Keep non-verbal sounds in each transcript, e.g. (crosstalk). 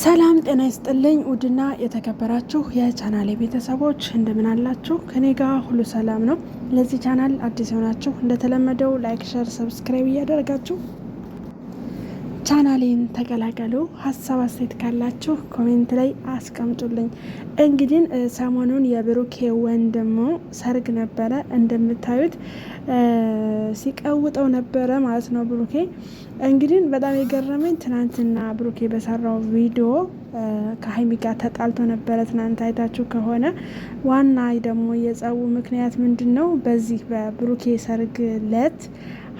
ሰላም ጤና ይስጥልኝ። ውድና የተከበራችሁ የቻናሌ ቤተሰቦች እንደምን አላችሁ? ከኔ ጋር ሁሉ ሰላም ነው። ለዚህ ቻናል አዲስ የሆናችሁ እንደተለመደው ላይክ፣ ሸር፣ ሰብስክራይብ እያደረጋችሁ ቻናሌን ተቀላቀሉ። ሀሳብ አስተያየት ካላችሁ ኮሜንት ላይ አስቀምጡልኝ። እንግዲህ ሰሞኑን የብሩኬ ወንድሙ ሰርግ ነበረ እንደምታዩት ሲቀውጠው ነበረ ማለት ነው። ብሩኬ እንግዲህ በጣም የገረመኝ ትናንትና ብሩኬ በሰራው ቪዲዮ ከሀይሚ ጋር ተጣልቶ ነበረ። ትናንት አይታችሁ ከሆነ ዋና ደግሞ የጸቡ ምክንያት ምንድን ነው? በዚህ በብሩኬ ሰርግ ለት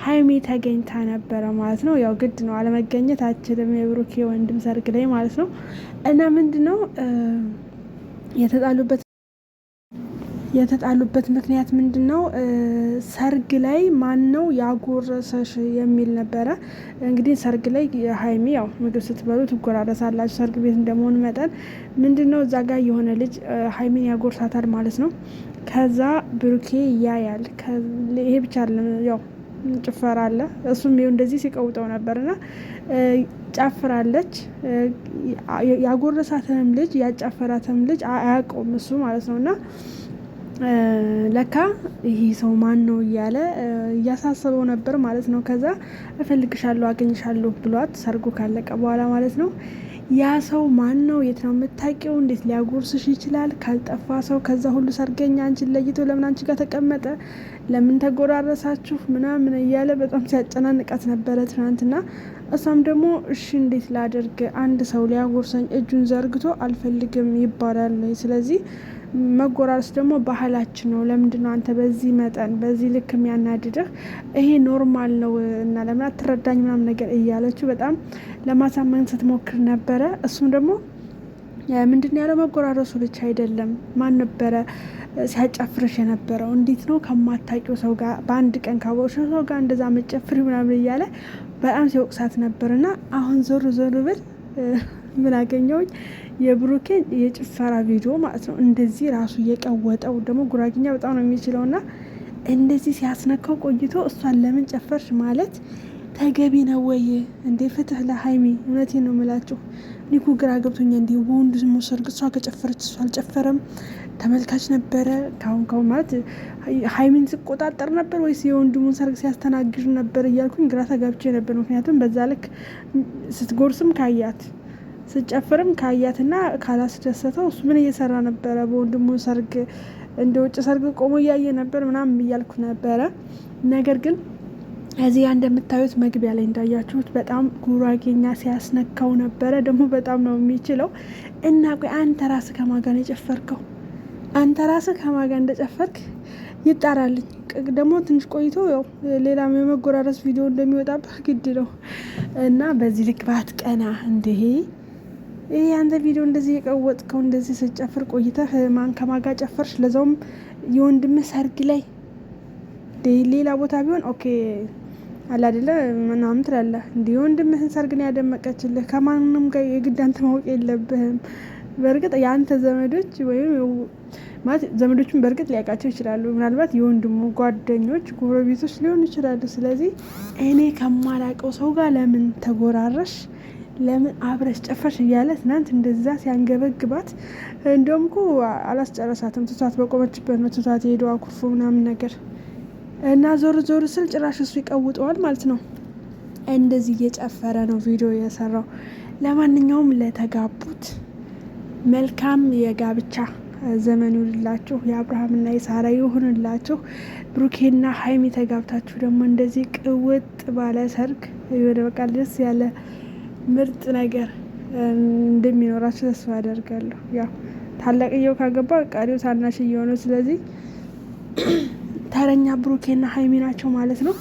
ሀይሚ ተገኝታ ነበረ ማለት ነው። ያው ግድ ነው አለመገኘት አችልም፣ የብሩኬ ወንድም ሰርግ ላይ ማለት ነው። እና ምንድን ነው የተጣሉበት የተጣሉበት ምክንያት ምንድን ነው? ሰርግ ላይ ማን ነው ያጎረሰሽ የሚል ነበረ። እንግዲህ ሰርግ ላይ ሀይሚ ያው ምግብ ስትበሉ ትጎራረሳላችሁ። ሰርግ ቤት እንደመሆኑ መጠን ምንድን ነው እዛ ጋር የሆነ ልጅ ሀይሚን ያጎርሳታል ማለት ነው። ከዛ ብሩኬ ያያል። ይሄ ብቻ ያው ጭፈራ አለ። እሱም ይኸው እንደዚህ ሲቀውጠው ነበርና ጨፍራለች። ያጎረሳትንም ልጅ ያጫፈራትንም ልጅ አያውቀውም እሱ ማለት ነው እና ለካ ይሄ ሰው ማን ነው እያለ እያሳሰበው ነበር ማለት ነው። ከዛ እፈልግሻለሁ፣ አገኝሻለሁ ብሏት ሰርጉ ካለቀ በኋላ ማለት ነው። ያ ሰው ማን ነው? የት ነው የምታውቂው? እንዴት ሊያጎርስሽ ይችላል? ካልጠፋ ሰው ከዛ ሁሉ ሰርገኛ አንቺን ለይቶ ለምን አንቺ ጋር ተቀመጠ? ለምን ተጎራረሳችሁ? ምናምን እያለ በጣም ሲያጨናንቃት ነበረ ትናንትና። እሷም ደግሞ እሺ እንዴት ላደርግ? አንድ ሰው ሊያጎርሰኝ እጁን ዘርግቶ አልፈልግም ይባላል። ስለዚህ መጎራረስ ደግሞ ባህላችን ነው። ለምንድን ነው አንተ በዚህ መጠን በዚህ ልክ የሚያናድድህ? ይሄ ኖርማል ነው እና ለምን አትረዳኝ ምናምን ነገር እያለችው በጣም ለማሳመን ስትሞክር ነበረ። እሱም ደግሞ ምንድን ያለው መጎራረሱ ብቻ አይደለም። ማን ነበረ ሲያጨፍርሽ የነበረው? እንዴት ነው ከማታውቂው ሰው ጋር በአንድ ቀን ካወቅሽው ሰው ጋር እንደዛ መጨፍሪ ምናምን እያለ በጣም ሲወቅሳት ነበር። እና አሁን ዞር ዞር ብል ምን አገኘውኝ የብሩኬን የጭፈራ ቪዲዮ ማለት ነው። እንደዚህ ራሱ እየቀወጠው ደግሞ ጉራጊኛ በጣም ነው የሚችለው እና እንደዚህ ሲያስነካው ቆይቶ እሷን ለምን ጨፈርሽ ማለት ተገቢ ነው ወይ እንዴ? ፍትህ ለሀይሚ እውነት ነው የምላችሁ። ኒኩ ግራ ገብቶኛ እንዲ በወንዱ መሰርግ እሷ ከጨፈረች እሷ አልጨፈረም ተመልካች ነበረ። ካሁን ካሁን ማለት ሀይሚን ስቆጣጠር ነበር ወይስ የወንድሙን ሰርግ ሲያስተናግድ ነበር እያልኩኝ ግራ ተጋብቼ ነበር። ምክንያቱም በዛ ልክ ስትጎርስም ካያት ስጨፍርም ካያትና ካላስደሰተው እሱ ምን እየሰራ ነበረ በወንድሙ ሰርግ እንደ ውጭ ሰርግ ቆሞ እያየ ነበር ምናምን እያልኩ ነበረ። ነገር ግን እዚህ እንደምታዩት መግቢያ ላይ እንዳያችሁት በጣም ጉራጌኛ ሲያስነካው ነበረ። ደግሞ በጣም ነው የሚችለው። እና ቆይ አንተ ራስህ ከማጋን የጨፈርከው? አንተ ራስህ ከማጋ እንደጨፈርክ ይጣራልኝ። ደግሞ ትንሽ ቆይቶ ያው ሌላ የመጎራረስ ቪዲዮ እንደሚወጣበት ግድ ነው እና በዚህ ልክ ባት ቀና ይህ አንተ ቪዲዮ እንደዚህ የቀወጥከው እንደዚህ ስጨፍር ቆይተህ ማን ከማጋ ጨፈርሽ? ለዛውም የወንድም ሰርግ ላይ ሌላ ቦታ ቢሆን ኦኬ አላደለ ምናምን ትላለህ። እንዲህ የወንድምህን ሰርግ ነው ያደመቀችልህ። ከማንም ጋር የግድ አንተ ማወቅ የለብህም። በእርግጥ የአንተ ዘመዶች ወይም ማለት ዘመዶችን በእርግጥ ሊያውቃቸው ይችላሉ። ምናልባት የወንድሙ ጓደኞች፣ ጎረቤቶች ሊሆኑ ይችላሉ። ስለዚህ እኔ ከማላውቀው ሰው ጋር ለምን ተጎራረሽ? ለምን አብረሽ ጨፈርሽ እያለ ትናንት እንደዛ ሲያንገበግባት፣ እንደውም እኮ አላስጨረሳትም። ትቷት በቆመችበት ነው ትቷት የሄደው አኩርፎ ምናምን ነገር እና ዞር ዞር ስል ጭራሽ እሱ ይቀውጠዋል ማለት ነው። እንደዚህ እየጨፈረ ነው ቪዲዮ የሰራው። ለማንኛውም ለተጋቡት መልካም የጋብቻ ዘመን ይሁንላችሁ። የአብርሃምና የሳራ ይሁንላችሁ። ብሩኬና ሀይሚ ተጋብታችሁ ደግሞ እንደዚህ ቅውጥ ባለ ሰርግ ወደ በቃ ደስ ያለ ምርጥ ነገር እንደሚኖራቸው ተስፋ አደርጋለሁ። ያው ታላቅየው ካገባ ቀሪው ታናሽ እየሆነው ስለዚህ ተረኛ ብሩኬና ሀይሚ ናቸው ማለት ነው።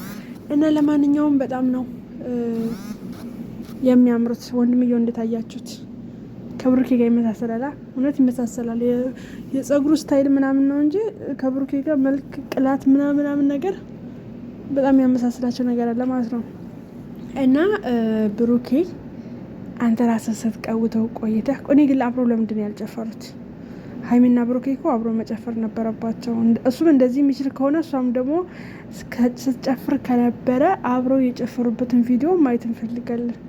እና ለማንኛውም በጣም ነው የሚያምሩት። ወንድምየው እንደታያችሁት ከብሩኬ ጋር ይመሳሰላል። እውነት ይመሳሰላል። የጸጉሩ ስታይል ምናምን ነው እንጂ ከብሩኬ ጋር መልክ፣ ቅላት ምናምናምን ነገር በጣም ያመሳስላቸው ነገር አለ ማለት ነው እና ብሩኬ አንተ ራስን ስትቀውተው ቆይተህ እኔ ግን አብሮ ለምንድን ያልጨፈሩት? ሀይሚና ብሩኬ እኮ አብሮ መጨፈር ነበረባቸው። እሱም እንደዚህ የሚችል ከሆነ እሷም ደግሞ ስትጨፍር ከነበረ አብረው የጨፈሩበትን ቪዲዮ ማየት እንፈልጋለን።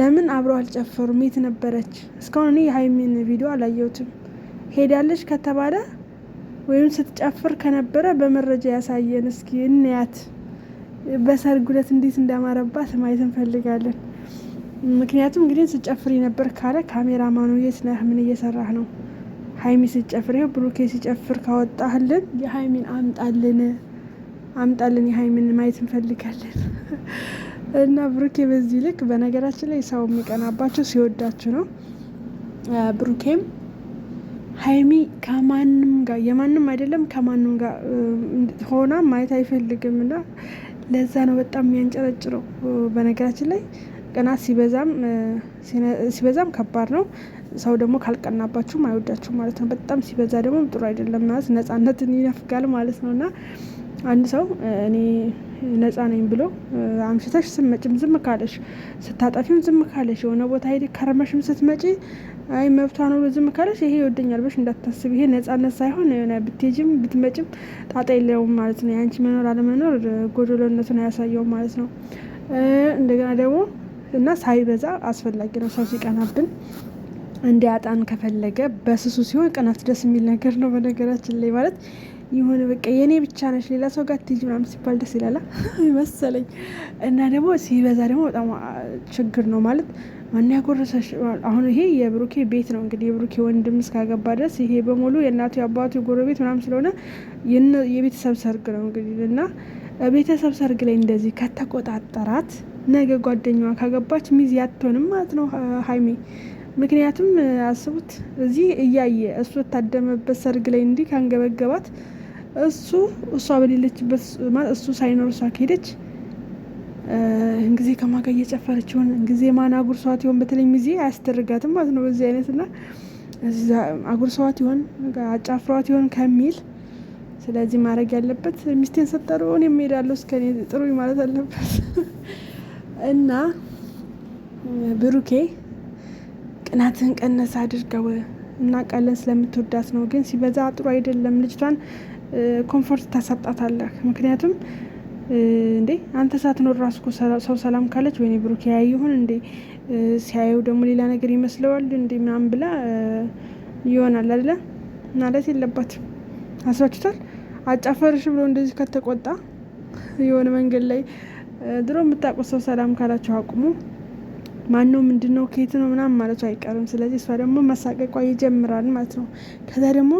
ለምን አብረው አልጨፈሩም? የት ነበረች? እስካሁን እኔ የሀይሚን ቪዲዮ አላየሁትም። ሄዳለች ከተባለ ወይም ስትጨፍር ከነበረ በመረጃ ያሳየን እስኪ እንያት። በሰርጉ ዕለት እንዴት እንዳማረባት ማየት እንፈልጋለን። ምክንያቱም እንግዲህ ስጨፍር ነበር ካለ ካሜራማኑ የት ነህ? ምን እየሰራህ ነው? ሀይሚ ስጨፍር ይኸው ብሩኬ ሲጨፍር ካወጣህልን የሀይሚን አምጣልን አምጣልን የሀይሚን ማየት እንፈልጋለን (laughs) እና ብሩኬ በዚህ ልክ በነገራችን ላይ ሰው የሚቀናባቸው ሲወዳችሁ ነው። ብሩኬም ሀይሚ ከማንም ጋር የማንም አይደለም ከማንም ጋር ሆና ማየት አይፈልግም እና ለዛ ነው በጣም የሚያንጨረጭረው በነገራችን ላይ ቅናት ሲበዛም ከባድ ነው። ሰው ደግሞ ካልቀናባችሁም አይወዳችሁም ማለት ነው። በጣም ሲበዛ ደግሞ ጥሩ አይደለም ማለት ነጻነትን ይነፍጋል ማለት ነው እና አንድ ሰው እኔ ነጻ ነኝ ብሎ አምሽተሽ ስትመጭም ዝም ካለሽ፣ ስታጠፊም ዝም ካለሽ፣ የሆነ ቦታ ሄደ ከረመሽም ስትመጪ አይ መብቷ ነው ዝም ካለሽ ይሄ ይወደኛል ብለሽ እንዳታስብ። ይሄ ነጻነት ሳይሆን የሆነ ብትሄጂም ብትመጭም ጣጣ የለውም ማለት ነው። የአንቺ መኖር አለመኖር ጎዶሎነቱን አያሳየውም ማለት ነው። እንደገና ደግሞ እና ሳይበዛ አስፈላጊ ነው። ሰው ሲቀናብን እንዲያጣን ከፈለገ በስሱ ሲሆን ቅናት ደስ የሚል ነገር ነው። በነገራችን ላይ ማለት የሆነ በቃ የእኔ ብቻ ነች ሌላ ሰው ጋር ትጅ ምናምን ሲባል ደስ ይላላ (laughs) መሰለኝ። እና ደግሞ ሲበዛ ደግሞ በጣም ችግር ነው ማለት ማን ያጎረሰሽ? አሁን ይሄ የብሩኬ ቤት ነው እንግዲህ የብሩኬ ወንድም እስካገባ ድረስ ይሄ በሙሉ የእናቱ የአባቱ የጎረቤት ምናምን ስለሆነ የቤተሰብ ሰርግ ነው እንግዲህ እና ቤተሰብ ሰርግ ላይ እንደዚህ ከተቆጣጠራት ነገ ጓደኛዋ ካገባች ሚዜ አትሆንም ማለት ነው ሀይሜ። ምክንያቱም አስቡት እዚህ እያየ እሱ የታደመበት ሰርግ ላይ እንዲህ ካንገበገባት እሱ እሷ በሌለችበት እሱ ሳይኖር እሷ ከሄደች እንጊዜ ከማጋ እየጨፈረች ሆን እንጊዜ ማን አጉር ሰዋት ይሆን? በተለይ ሚዜ አያስደርጋትም ማለት ነው በዚህ አይነት ና አጉር ሰዋት ይሆን አጫፍሯት ይሆን ከሚል ስለዚህ ማድረግ ያለበት ሚስቴን ሰጠሩ እኔም እሄዳለሁ እስከ ጥሩ ማለት አለበት። (laughs) እና ብሩኬ ቅናትህን ቀነስ አድርገው እና ቀለን ስለምትወዳት ነው። ግን ሲበዛ ጥሩ አይደለም። ልጅቷን ኮንፎርት ታሳጣታለህ። ምክንያቱም እንዴ አንተ ሳትኖር ራሱ ሰው ሰላም ካለች ወይኔ ብሩክ ያ ይሁን እንዴ ሲያየው ደግሞ ሌላ ነገር ይመስለዋል እንዴ ምናምን ብላ ይሆናል አይደለ? ማለት የለባትም። አስባችሁታል? አጫፈርሽ ብሎ እንደዚህ ከተቆጣ የሆነ መንገድ ላይ ድሮ የምታውቁት ሰው ሰላም ካላችሁ አቁሙ። ማነው ነው ምንድን ነው ከየት ነው ምናምን ማለቱ አይቀርም። ስለዚህ እሷ ደግሞ መሳቀቋ ይጀምራል ማለት ነው። ከዛ ደግሞ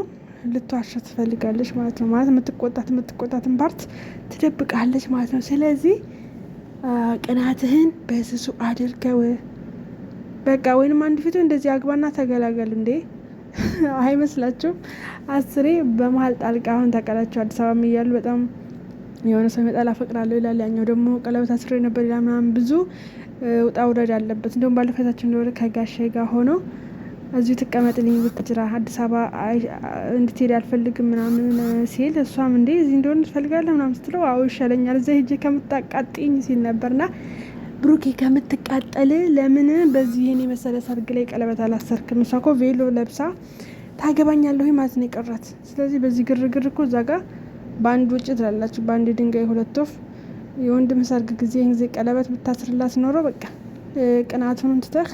ልትዋሻ ትፈልጋለች ማለት ነው። ማለት የምትቆጣት የምትቆጣትን ፓርት ትደብቃለች ማለት ነው። ስለዚህ ቅናትህን በስሱ አድርገው በቃ ወይንም አንድ ፊቱ እንደዚህ አግባና ተገላገል እንዴ (laughs) አይመስላችሁም? አስሬ በመሀል ጣልቃ አሁን ታውቃላችሁ አዲስ አበባ እያሉ በጣም የሆነ ሰው ይመጣል አፈቅራለሁ ይላል፣ ያኛው ደግሞ ቀለበት አስሮ ነበር ይላል። ምናምን ብዙ ውጣ ውረድ አለበት። እንደውም ባለፈታችን እንደሆነ ከጋሼ ጋር ሆኖ እዚሁ ትቀመጥልኝ ብትጅራ አዲስ አበባ እንድትሄድ አልፈልግም ምናምን ሲል እሷም እንዴ እዚህ እንደሆነ ትፈልጋለህ ምናምን ስትለው አዎ ይሻለኛል እዚያ ሄጄ ከምታቃጥኝ ሲል ነበርና ብሩኬ ከምትቃጠል ለምን በዚህ ይህን የመሰለ ሰርግ ላይ ቀለበት አላሰርክም? እሷ እኮ ቬሎ ለብሳ ታገባኛለሁ ማለት ነው የቀራት። ስለዚህ በዚህ ግርግር እኮ እዛ ጋር በአንድ ውጭ ትላላችሁ፣ በአንድ ድንጋይ ሁለት ወፍ። የወንድም ሰርግ ጊዜ ይህን ጊዜ ቀለበት ብታስርላት ኖሮ በቃ ቅናቱን ትተህ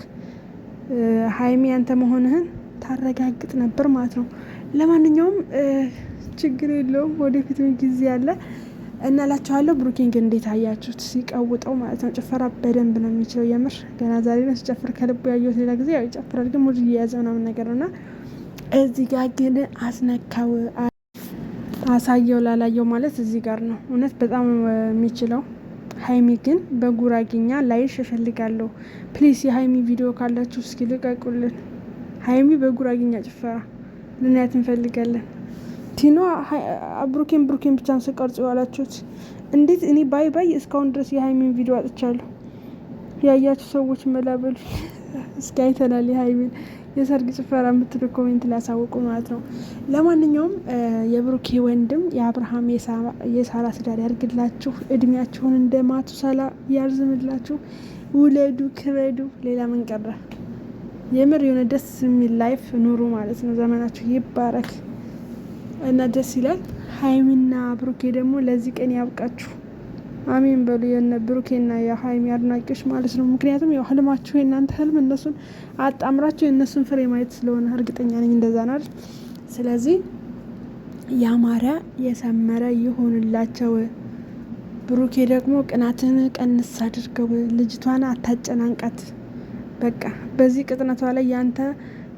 ሀይሚ ያንተ መሆንህን ታረጋግጥ ነበር ማለት ነው። ለማንኛውም ችግር የለውም ወደፊትም ጊዜ አለ እና ብሩኪንግ እንዴት አያችሁት? ሲቀውጠው ማለት ነው። ጭፈራ በደንብ ነው የሚችለው። የምር ገና ዛሬ ነው ሲጨፍር ከልቡ ያየሁት። ሌላ ጊዜ ያው ይጨፍራል፣ ግን ሙድ እየያዘ ምናምን ነገር ነውና እዚህ ጋር ግን አስነካው። አሳየው ላላየው ማለት እዚህ ጋር ነው። እውነት በጣም የሚችለው ሀይሚ ግን በጉራጌኛ ላይሽ እፈልጋለሁ። ፕሊስ የሀይሚ ቪዲዮ ካላችሁ እስኪ ልቀቁልን። ሀይሚ በጉራጌኛ ጭፈራ ልናያት እንፈልጋለን። ቲኖ ብሩኬን ብሩኬን ብቻን ስቀርጽ ዋላችሁት። እንዴት? እኔ ባይ ባይ እስካሁን ድረስ የሀይሚን ቪዲዮ አጥቻለሁ። ያያችሁ ሰዎች መላበሉ (laughs) እስኪ አይተናል የሀይሚን የሰርግ ጭፈራ የምትሉ ኮሜንት ሊያሳውቁ ማለት ነው። ለማንኛውም የብሩኬ ወንድም የአብርሃም የሳራ ስዳር ያርግላችሁ፣ እድሜያችሁን እንደ ማቱ ሰላ ያርዝምላችሁ፣ ውለዱ፣ ክበዱ። ሌላ ምን ቀረ? የምር የሆነ ደስ የሚል ላይፍ ኑሩ ማለት ነው። ዘመናችሁ ይባረክ እና ደስ ይላል። ሀይሚና ብሩኬ ደግሞ ለዚህ ቀን ያብቃችሁ። አሜን በሉ የነ ብሩኬና የሀይሚ አድናቂዎች ማለት ነው። ምክንያቱም ያው ህልማችሁ የእናንተ ህልም እነሱን አጣምራችሁ የእነሱን ፍሬ ማየት ስለሆነ እርግጠኛ ነኝ እንደዛ ናል። ስለዚህ ያማረ የሰመረ ይሆንላቸው። ብሩኬ ደግሞ ቅናትን ቀንስ አድርገው፣ ልጅቷን አታጨናንቃት። በቃ በዚህ ቅጥነቷ ላይ ያንተ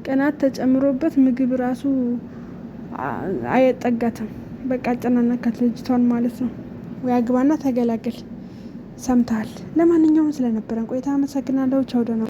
ቅናት ተጨምሮበት ምግብ ራሱ አይጠጋትም። በቃ አጨናነካት ልጅቷን ማለት ነው። ወይ አግባና ተገላግል። ሰምተሃል። ለማንኛውም ስለነበረን ቆይታ አመሰግናለሁ። ቻው ደህና